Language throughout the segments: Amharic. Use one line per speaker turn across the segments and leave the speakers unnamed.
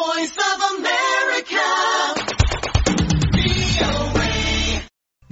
voice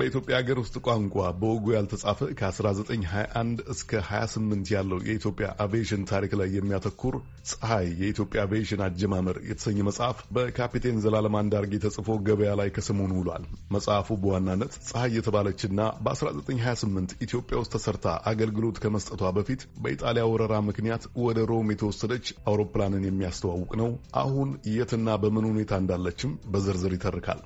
በኢትዮጵያ ሀገር ውስጥ ቋንቋ በወጉ ያልተጻፈ ከ1921 እስከ 28 ያለው የኢትዮጵያ አቪዬሽን ታሪክ ላይ የሚያተኩር ፀሐይ የኢትዮጵያ አቪዬሽን አጀማመር የተሰኘ መጽሐፍ በካፒቴን ዘላለም አንዳርጌ ተጽፎ ገበያ ላይ ከሰሞኑ ውሏል። መጽሐፉ በዋናነት ፀሐይ የተባለችና በ1928 ኢትዮጵያ ውስጥ ተሰርታ አገልግሎት ከመስጠቷ በፊት በኢጣሊያ ወረራ ምክንያት ወደ ሮም የተወሰደች አውሮፕላንን የሚያስተዋውቅ ነው። አሁን የትና በምን ሁኔታ እንዳለችም በዝርዝር ይተርካል።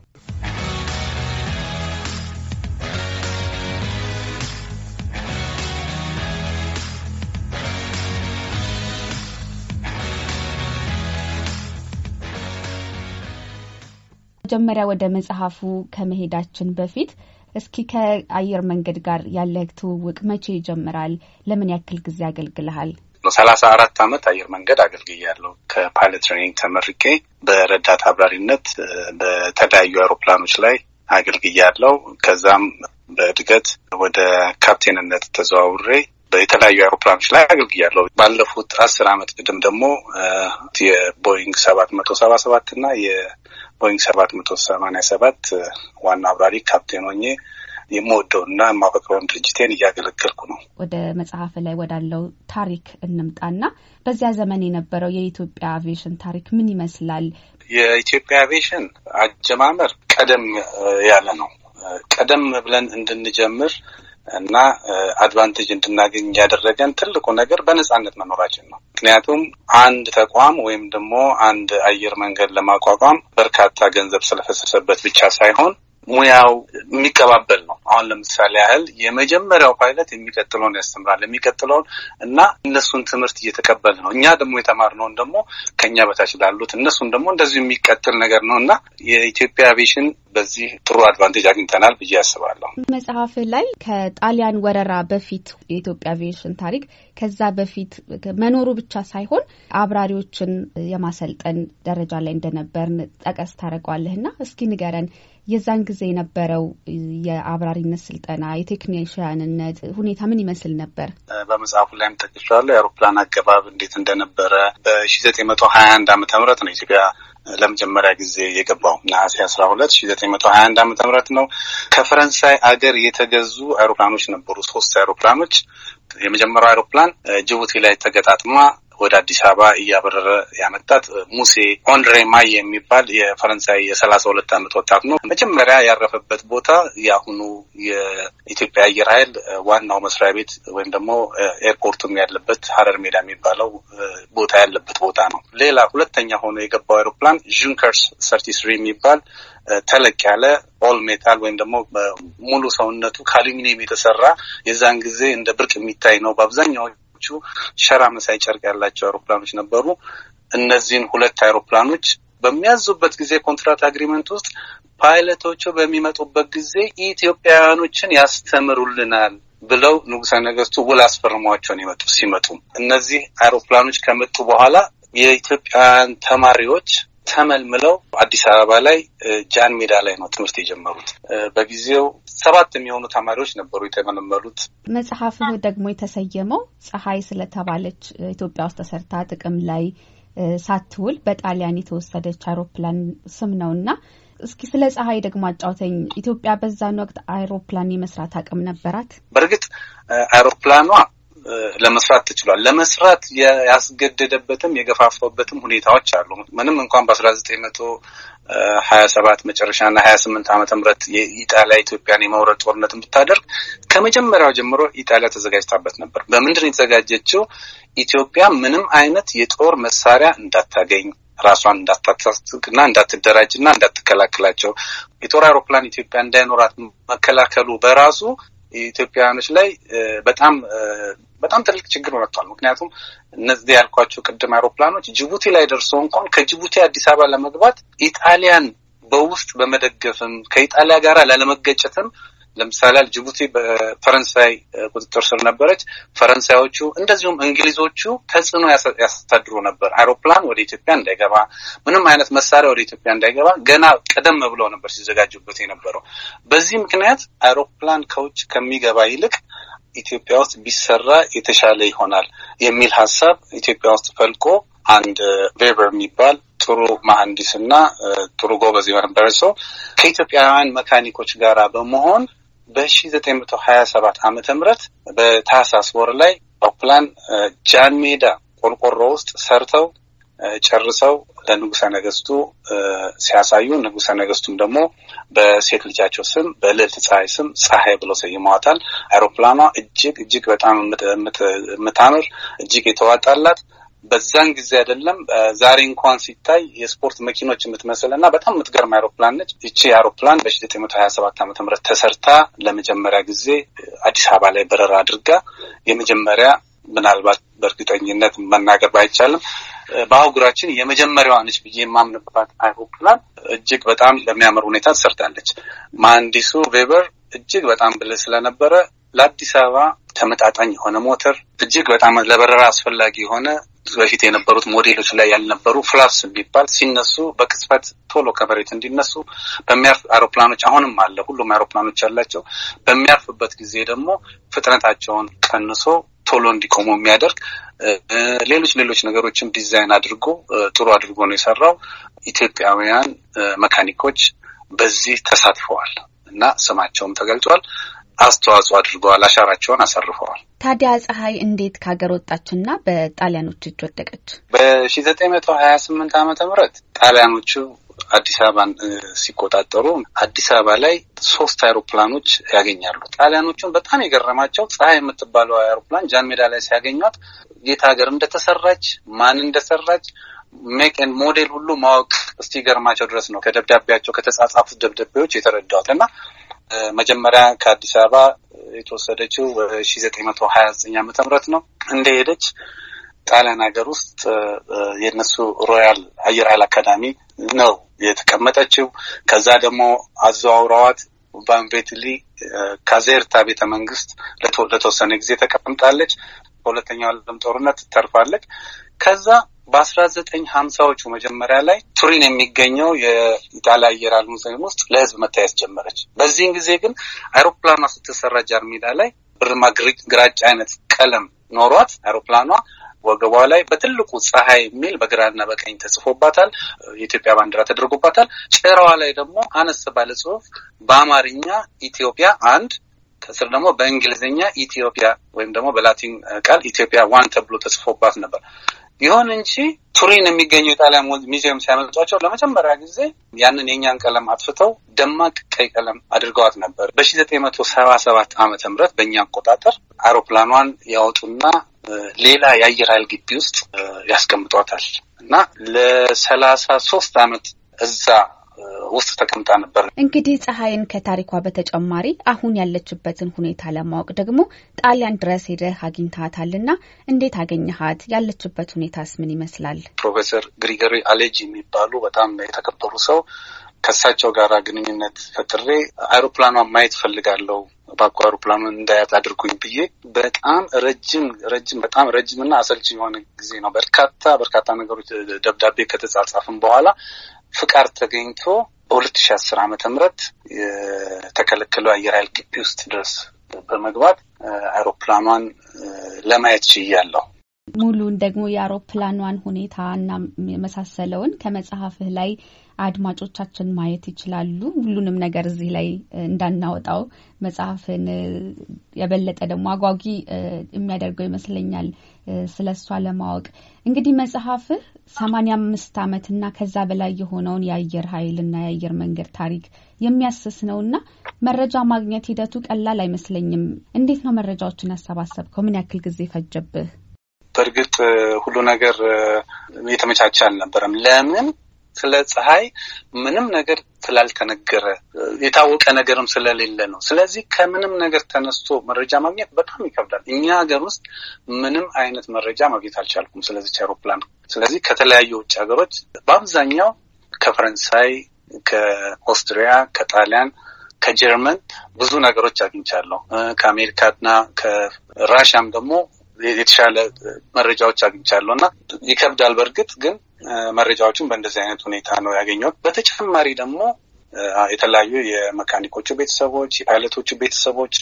መጀመሪያ ወደ መጽሐፉ ከመሄዳችን በፊት እስኪ ከአየር መንገድ ጋር ያለህ ትውውቅ መቼ ይጀምራል? ለምን ያክል ጊዜ አገልግልሃል?
ሰላሳ አራት ዓመት አየር መንገድ አገልግያለሁ። ከፓይለት ትሬኒንግ ተመርቄ በረዳት አብራሪነት በተለያዩ አውሮፕላኖች ላይ አገልግያለሁ። ከዛም በእድገት ወደ ካፕቴንነት ተዘዋውሬ በተለያዩ አውሮፕላኖች ላይ አገልግያለሁ። ባለፉት አስር ዓመት ቅድም ደግሞ የቦይንግ ሰባት መቶ ሰባ ሰባት እና ቦይንግ ሰባት መቶ ሰማኒያ ሰባት ዋና አብራሪ ካፕቴን ሆኜ የምወደው እና የማፈቅረውን ድርጅቴን እያገለገልኩ
ነው። ወደ መጽሐፍ ላይ ወዳለው ታሪክ እንምጣና በዚያ ዘመን የነበረው የኢትዮጵያ አቪዬሽን ታሪክ ምን ይመስላል?
የኢትዮጵያ አቪዬሽን አጀማመር ቀደም ያለ ነው። ቀደም ብለን እንድንጀምር እና አድቫንቴጅ እንድናገኝ ያደረገን ትልቁ ነገር በነጻነት መኖራችን ነው። ምክንያቱም አንድ ተቋም ወይም ደግሞ አንድ አየር መንገድ ለማቋቋም በርካታ ገንዘብ ስለፈሰሰበት ብቻ ሳይሆን ሙያው የሚቀባበል ነው። አሁን ለምሳሌ ያህል የመጀመሪያው ፓይለት የሚቀጥለውን ያስተምራል የሚቀጥለውን እና እነሱን ትምህርት እየተቀበል ነው። እኛ ደግሞ የተማርነውን ደግሞ ከኛ በታች ላሉት እነሱን ደግሞ እንደዚሁ የሚቀጥል ነገር ነው እና የኢትዮጵያ አቪሽን በዚህ ጥሩ አድቫንቴጅ አግኝተናል ብዬ አስባለሁ።
መጽሐፍ ላይ ከጣሊያን ወረራ በፊት የኢትዮጵያ አቪዬሽን ታሪክ ከዛ በፊት መኖሩ ብቻ ሳይሆን አብራሪዎችን የማሰልጠን ደረጃ ላይ እንደነበር ጠቀስ ታደርገዋለህ እና እስኪ ንገረን የዛን ጊዜ የነበረው የአብራሪነት ስልጠና የቴክኒሽያንነት ሁኔታ ምን ይመስል ነበር?
በመጽሐፉ ላይም ጠቅሻለሁ። የአውሮፕላን አገባብ እንዴት እንደነበረ በሺ ዘጠኝ መቶ ሀያ አንድ ዓመተ ምህረት ነው ኢትዮጵያ ለመጀመሪያ ጊዜ የገባው ነሐሴ አስራ ሁለት ሺ ዘጠኝ መቶ ሀያ አንድ ዓመተ ምህረት ነው። ከፈረንሳይ አገር የተገዙ አይሮፕላኖች ነበሩ ሶስት አይሮፕላኖች የመጀመሪያው አይሮፕላን ጅቡቲ ላይ ተገጣጥማ ወደ አዲስ አበባ እያበረረ ያመጣት ሙሴ ኦንድሬ ማይ የሚባል የፈረንሳይ የሰላሳ ሁለት ዓመት ወጣት ነው። መጀመሪያ ያረፈበት ቦታ የአሁኑ የኢትዮጵያ አየር ኃይል ዋናው መስሪያ ቤት ወይም ደግሞ ኤርፖርቱም ያለበት ሀረር ሜዳ የሚባለው ቦታ ያለበት ቦታ ነው። ሌላ ሁለተኛ ሆኖ የገባው አይሮፕላን ዥንከርስ ሰርቲስሪ የሚባል ተለቅ ያለ ኦል ሜታል ወይም ደግሞ ሙሉ ሰውነቱ ከአሉሚኒየም የተሰራ የዛን ጊዜ እንደ ብርቅ የሚታይ ነው። በአብዛኛው አብዛኞቹ ሸራ መሳይ ጨርቅ ያላቸው አውሮፕላኖች ነበሩ። እነዚህን ሁለት አውሮፕላኖች በሚያዙበት ጊዜ ኮንትራት አግሪመንት ውስጥ ፓይለቶቹ በሚመጡበት ጊዜ ኢትዮጵያውያኖችን ያስተምሩልናል ብለው ንጉሰ ነገስቱ ውል አስፈርሟቸውን ይመጡ ሲመጡ እነዚህ አውሮፕላኖች ከመጡ በኋላ የኢትዮጵያውያን ተማሪዎች ተመልምለው አዲስ አበባ ላይ ጃን ሜዳ ላይ ነው ትምህርት የጀመሩት። በጊዜው ሰባት የሚሆኑ ተማሪዎች ነበሩ የተመለመሉት።
መጽሐፍህ ደግሞ የተሰየመው ፀሐይ ስለተባለች ኢትዮጵያ ውስጥ ተሰርታ ጥቅም ላይ ሳትውል በጣሊያን የተወሰደች አውሮፕላን ስም ነው እና እስኪ ስለ ፀሐይ ደግሞ አጫውተኝ። ኢትዮጵያ በዛን ወቅት አይሮፕላን የመስራት አቅም ነበራት? በእርግጥ
አይሮፕላኗ ለመስራት ተችሏል ለመስራት ያስገደደበትም የገፋፈበትም ሁኔታዎች አሉ። ምንም እንኳን በአስራ ዘጠኝ መቶ ሀያ ሰባት መጨረሻና ሀያ ስምንት ዓመተ ምህረት የኢጣሊያ ኢትዮጵያን የመውረድ ጦርነትን ብታደርግ ከመጀመሪያው ጀምሮ ኢጣሊያ ተዘጋጅታበት ነበር። በምንድን የተዘጋጀችው? ኢትዮጵያ ምንም አይነት የጦር መሳሪያ እንዳታገኝ ራሷን እንዳትደራጅ ና እንዳትከላከላቸው የጦር አውሮፕላን ኢትዮጵያ እንዳይኖራት መከላከሉ በራሱ ኢትዮጵያውያኖች ላይ በጣም በጣም ትልቅ ችግር መጥቷል። ምክንያቱም እነዚህ ያልኳቸው ቅድም አውሮፕላኖች ጅቡቲ ላይ ደርሰው እንኳን ከጅቡቲ አዲስ አበባ ለመግባት ኢጣሊያን በውስጥ በመደገፍም ከኢጣሊያ ጋር ላለመገጨትም ለምሳሌ ጅቡቲ በፈረንሳይ ቁጥጥር ስር ነበረች። ፈረንሳዮቹ እንደዚሁም እንግሊዞቹ ተጽዕኖ ያስተድሩ ነበር። አይሮፕላን ወደ ኢትዮጵያ እንዳይገባ፣ ምንም አይነት መሳሪያ ወደ ኢትዮጵያ እንዳይገባ ገና ቀደም ብለው ነበር ሲዘጋጅበት የነበረው። በዚህ ምክንያት አይሮፕላን ከውጭ ከሚገባ ይልቅ ኢትዮጵያ ውስጥ ቢሰራ የተሻለ ይሆናል የሚል ሀሳብ ኢትዮጵያ ውስጥ ፈልቆ አንድ ቬበር የሚባል ጥሩ መሐንዲስ እና ጥሩ ጎበዝ የነበረ ሰው ከኢትዮጵያውያን መካኒኮች ጋራ በመሆን በ1927 ዓመተ ምህረት በታህሳስ ወር ላይ አውሮፕላን ጃን ሜዳ ቆርቆሮ ውስጥ ሰርተው ጨርሰው ለንጉሰ ነገስቱ ሲያሳዩ ንጉሰ ነገስቱም ደግሞ በሴት ልጃቸው ስም በልዕልት ፀሐይ ስም ፀሐይ ብለው ሰይመዋታል። አይሮፕላኗ እጅግ እጅግ በጣም የምታምር እጅግ የተዋጣላት በዛን ጊዜ አይደለም ዛሬ እንኳን ሲታይ የስፖርት መኪኖች የምትመስል እና በጣም የምትገርም አይሮፕላን ነች። ይቺ አይሮፕላን በሺ ዘጠኝ መቶ ሀያ ሰባት ዓመተ ምህረት ተሰርታ ለመጀመሪያ ጊዜ አዲስ አበባ ላይ በረራ አድርጋ የመጀመሪያ ምናልባት በእርግጠኝነት መናገር ባይቻልም በአህጉራችን የመጀመሪያዋ ነች ብዬ የማምንባት አይሮፕላን እጅግ በጣም ለሚያምር ሁኔታ ተሰርታለች። መሐንዲሱ ቬበር እጅግ በጣም ብልህ ስለነበረ ለአዲስ አበባ ተመጣጣኝ የሆነ ሞተር እጅግ በጣም ለበረራ አስፈላጊ የሆነ በፊት የነበሩት ሞዴሎች ላይ ያልነበሩ ፍላፕስ የሚባል ሲነሱ በቅጽበት ቶሎ ከመሬት እንዲነሱ በሚያርፍ አውሮፕላኖች አሁንም አለ። ሁሉም አውሮፕላኖች ያላቸው በሚያርፍበት ጊዜ ደግሞ ፍጥነታቸውን ቀንሶ ቶሎ እንዲቆሙ የሚያደርግ ሌሎች ሌሎች ነገሮችን ዲዛይን አድርጎ ጥሩ አድርጎ ነው የሰራው። ኢትዮጵያውያን መካኒኮች በዚህ ተሳትፈዋል እና ስማቸውም ተገልጿል። አስተዋጽኦ አድርገዋል፣ አሻራቸውን አሳርፈዋል።
ታዲያ ፀሐይ እንዴት ከሀገር ወጣችና በጣሊያኖች እጅ ወደቀች?
በሺ ዘጠኝ መቶ ሀያ ስምንት ዓመተ ምህረት ጣሊያኖቹ አዲስ አበባን ሲቆጣጠሩ አዲስ አበባ ላይ ሶስት አይሮፕላኖች ያገኛሉ። ጣሊያኖቹን በጣም የገረማቸው ፀሐይ የምትባለው አይሮፕላን ጃን ሜዳ ላይ ሲያገኟት የት ሀገር እንደተሰራች ማን እንደሰራች ሜክ ኤንድ ሞዴል ሁሉ ማወቅ እስኪገርማቸው ድረስ ነው ከደብዳቤያቸው ከተጻጻፉት ደብዳቤዎች የተረዳሁት እና መጀመሪያ ከአዲስ አበባ የተወሰደችው ሺ ዘጠኝ መቶ ሀያ ዘጠኝ ዓመተ ምህረት ነው። እንደሄደች ጣሊያን ሀገር ውስጥ የእነሱ ሮያል አየር ኃይል አካዳሚ ነው የተቀመጠችው። ከዛ ደግሞ አዘዋውረዋት ቫንቬትሊ ካዜርታ ቤተ መንግስት ለተወሰነ ጊዜ ተቀምጣለች። በሁለተኛው ዓለም ጦርነት ተርፋለች። ከዛ በአስራ ዘጠኝ ሀምሳዎቹ መጀመሪያ ላይ ቱሪን የሚገኘው የኢጣሊያ አየር ኃይል ሙዚየም ውስጥ ለህዝብ መታየት ጀመረች። በዚህን ጊዜ ግን አይሮፕላኗ ስትሰራ ጃርሜዳ ላይ ብርማ ግራጫ አይነት ቀለም ኖሯት አይሮፕላኗ ወገቧ ላይ በትልቁ ፀሐይ የሚል በግራና በቀኝ ተጽፎባታል። የኢትዮጵያ ባንዲራ ተደርጎባታል። ጭራዋ ላይ ደግሞ አነስ ባለ ጽሁፍ በአማርኛ ኢትዮጵያ አንድ ከስር ደግሞ በእንግሊዝኛ ኢትዮጵያ ወይም ደግሞ በላቲን ቃል ኢትዮጵያ ዋን ተብሎ ተጽፎባት ነበር። ይሁን እንጂ ቱሪን የሚገኘው የጣሊያን ሙዚየም ሲያመጧቸው ለመጀመሪያ ጊዜ ያንን የእኛን ቀለም አጥፍተው ደማቅ ቀይ ቀለም አድርገዋት ነበር። በሺ ዘጠኝ መቶ ሰባ ሰባት ዓመተ ምህረት በእኛ አቆጣጠር አውሮፕላኗን ያወጡና ሌላ የአየር ኃይል ግቢ ውስጥ ያስቀምጧታል እና ለሰላሳ ሶስት ዓመት እዛ ውስጥ ተቀምጣ ነበር።
እንግዲህ ፀሐይን ከታሪኳ በተጨማሪ አሁን ያለችበትን ሁኔታ ለማወቅ ደግሞ ጣሊያን ድረስ ሄደህ አግኝታታልና እንዴት አገኘሃት? ያለችበት ሁኔታስ ምን ይመስላል?
ፕሮፌሰር ግሪገሪ አሌጂ የሚባሉ በጣም የተከበሩ ሰው ከእሳቸው ጋር ግንኙነት ፈጥሬ አይሮፕላኗን ማየት ፈልጋለሁ ባኮ አይሮፕላኗን እንዳያት አድርጉኝ ብዬ በጣም ረጅም ረጅም በጣም ረጅምና አሰልች የሆነ ጊዜ ነው። በርካታ በርካታ ነገሮች ደብዳቤ ከተጻጻፍም በኋላ ፍቃድ ተገኝቶ በሁለት ሺ አስር ዓመተ ምህረት የተከለከለው አየር ኃይል ግቢ ውስጥ ድረስ በመግባት አይሮፕላኗን ለማየት ችያለሁ።
ሙሉን ደግሞ የአውሮፕላኗን ሁኔታ እና የመሳሰለውን ከመጽሐፍህ ላይ አድማጮቻችን ማየት ይችላሉ። ሁሉንም ነገር እዚህ ላይ እንዳናወጣው መጽሐፍን የበለጠ ደግሞ አጓጊ የሚያደርገው ይመስለኛል ስለ እሷ ለማወቅ። እንግዲህ መጽሐፍህ ሰማንያ አምስት እና ከዛ በላይ የሆነውን የአየር ኃይልና የአየር መንገድ ታሪክ የሚያስስ ነው እና መረጃ ማግኘት ሂደቱ ቀላል አይመስለኝም። እንዴት ነው መረጃዎችን ያሰባሰብከው? ምን ያክል ጊዜ ፈጀብህ?
በእርግጥ ሁሉ ነገር የተመቻቸ አልነበረም። ለምን? ስለ ፀሐይ ምንም ነገር ስላልተነገረ የታወቀ ነገርም ስለሌለ ነው። ስለዚህ ከምንም ነገር ተነስቶ መረጃ ማግኘት በጣም ይከብዳል። እኛ ሀገር ውስጥ ምንም አይነት መረጃ ማግኘት አልቻልኩም ስለዚች አይሮፕላን። ስለዚህ ከተለያዩ ውጭ ሀገሮች በአብዛኛው ከፈረንሳይ፣ ከኦስትሪያ፣ ከጣሊያን፣ ከጀርመን ብዙ ነገሮች አግኝቻለሁ። ከአሜሪካና ከራሽያም ደግሞ የተሻለ መረጃዎች አግኝቻለሁ እና ይከብዳል። በእርግጥ ግን መረጃዎችን በእንደዚህ አይነት ሁኔታ ነው ያገኘሁት። በተጨማሪ ደግሞ የተለያዩ የመካኒኮቹ ቤተሰቦች፣ የፓይለቶቹ ቤተሰቦች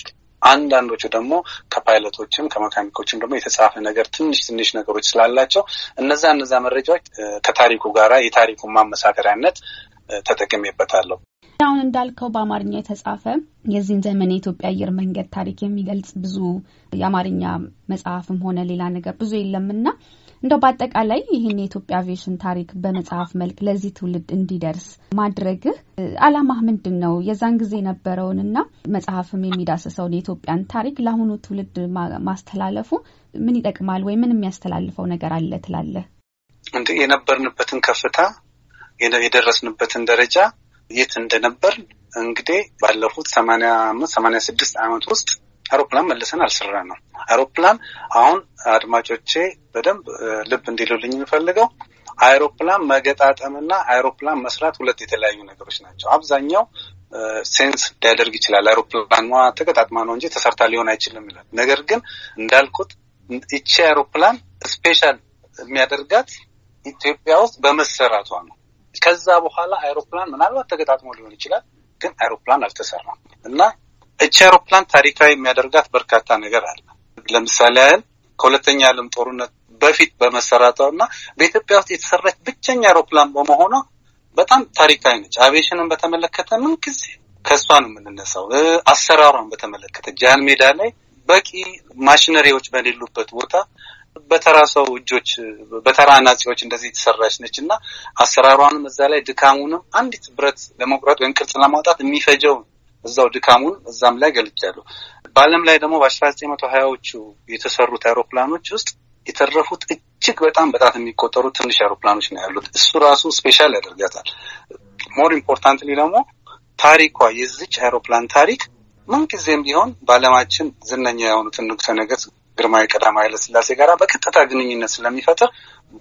አንዳንዶቹ ደግሞ ከፓይለቶችም ከመካኒኮችም ደግሞ የተጻፈ ነገር ትንሽ ትንሽ ነገሮች ስላላቸው እነዛ እነዛ መረጃዎች ከታሪኩ ጋራ የታሪኩን ማመሳከሪያነት ተጠቅሜበታለሁ።
አሁን እንዳልከው በአማርኛ የተጻፈ የዚህን ዘመን የኢትዮጵያ አየር መንገድ ታሪክ የሚገልጽ ብዙ የአማርኛ መጽሐፍም ሆነ ሌላ ነገር ብዙ የለምና እንደው በአጠቃላይ ይህን የኢትዮጵያ አቪዬሽን ታሪክ በመጽሐፍ መልክ ለዚህ ትውልድ እንዲደርስ ማድረግህ አላማህ ምንድን ነው? የዛን ጊዜ የነበረውንና መጽሐፍም የሚዳስሰውን የኢትዮጵያን ታሪክ ለአሁኑ ትውልድ ማስተላለፉ ምን ይጠቅማል ወይ ምን የሚያስተላልፈው ነገር አለ ትላለህ?
እንዲህ የነበርንበትን ከፍታ የደረስንበትን ደረጃ የት እንደነበር እንግዲህ ባለፉት ሰማንያ አምስት ሰማንያ ስድስት ዓመት ውስጥ አውሮፕላን መልሰን አልሰራ ነው። አውሮፕላን አሁን አድማጮቼ በደንብ ልብ እንዲሉልኝ የሚፈልገው አውሮፕላን መገጣጠምና አውሮፕላን መስራት ሁለት የተለያዩ ነገሮች ናቸው። አብዛኛው ሴንስ ሊያደርግ ይችላል። አውሮፕላኗ ተገጣጥማ ነው እንጂ ተሰርታ ሊሆን አይችልም ይላል። ነገር ግን እንዳልኩት ይቺ አውሮፕላን ስፔሻል የሚያደርጋት ኢትዮጵያ ውስጥ በመሰራቷ ነው። ከዛ በኋላ አይሮፕላን ምናልባት ተገጣጥሞ ሊሆን ይችላል፣ ግን አይሮፕላን አልተሰራም እና እቺ አይሮፕላን ታሪካዊ የሚያደርጋት በርካታ ነገር አለ። ለምሳሌ ያህል ከሁለተኛ ዓለም ጦርነት በፊት በመሰራቷ እና በኢትዮጵያ ውስጥ የተሰራች ብቸኛ አይሮፕላን በመሆኗ በጣም ታሪካዊ ነች። አቪዬሽንን በተመለከተ ምን ጊዜ ከእሷ ነው የምንነሳው። አሰራሯን በተመለከተ ጃን ሜዳ ላይ በቂ ማሽነሪዎች በሌሉበት ቦታ በተራ ሰው እጆች በተራ ናጺዎች እንደዚህ የተሰራች ነች እና አሰራሯንም እዛ ላይ ድካሙንም አንዲት ብረት ለመቁረጥ ወይም ቅርጽ ለማውጣት የሚፈጀው እዛው ድካሙን እዛም ላይ ገልጫለሁ። በዓለም ላይ ደግሞ በአስራ ዘጠኝ መቶ ሀያዎቹ የተሰሩት አይሮፕላኖች ውስጥ የተረፉት እጅግ በጣም በጣት የሚቆጠሩ ትንሽ አይሮፕላኖች ነው ያሉት። እሱ ራሱ ስፔሻል ያደርጋታል። ሞር ኢምፖርታንትሊ ደግሞ ታሪኳ የዚች አይሮፕላን ታሪክ ምንጊዜም ቢሆን በዓለማችን ዝነኛ የሆኑትን ንጉሠ ነገሥት ግርማዊ ቀዳማዊ ኃይለስላሴ ጋር በቀጥታ ግንኙነት ስለሚፈጥር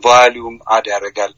ቫሊዩም አድ ያደርጋል።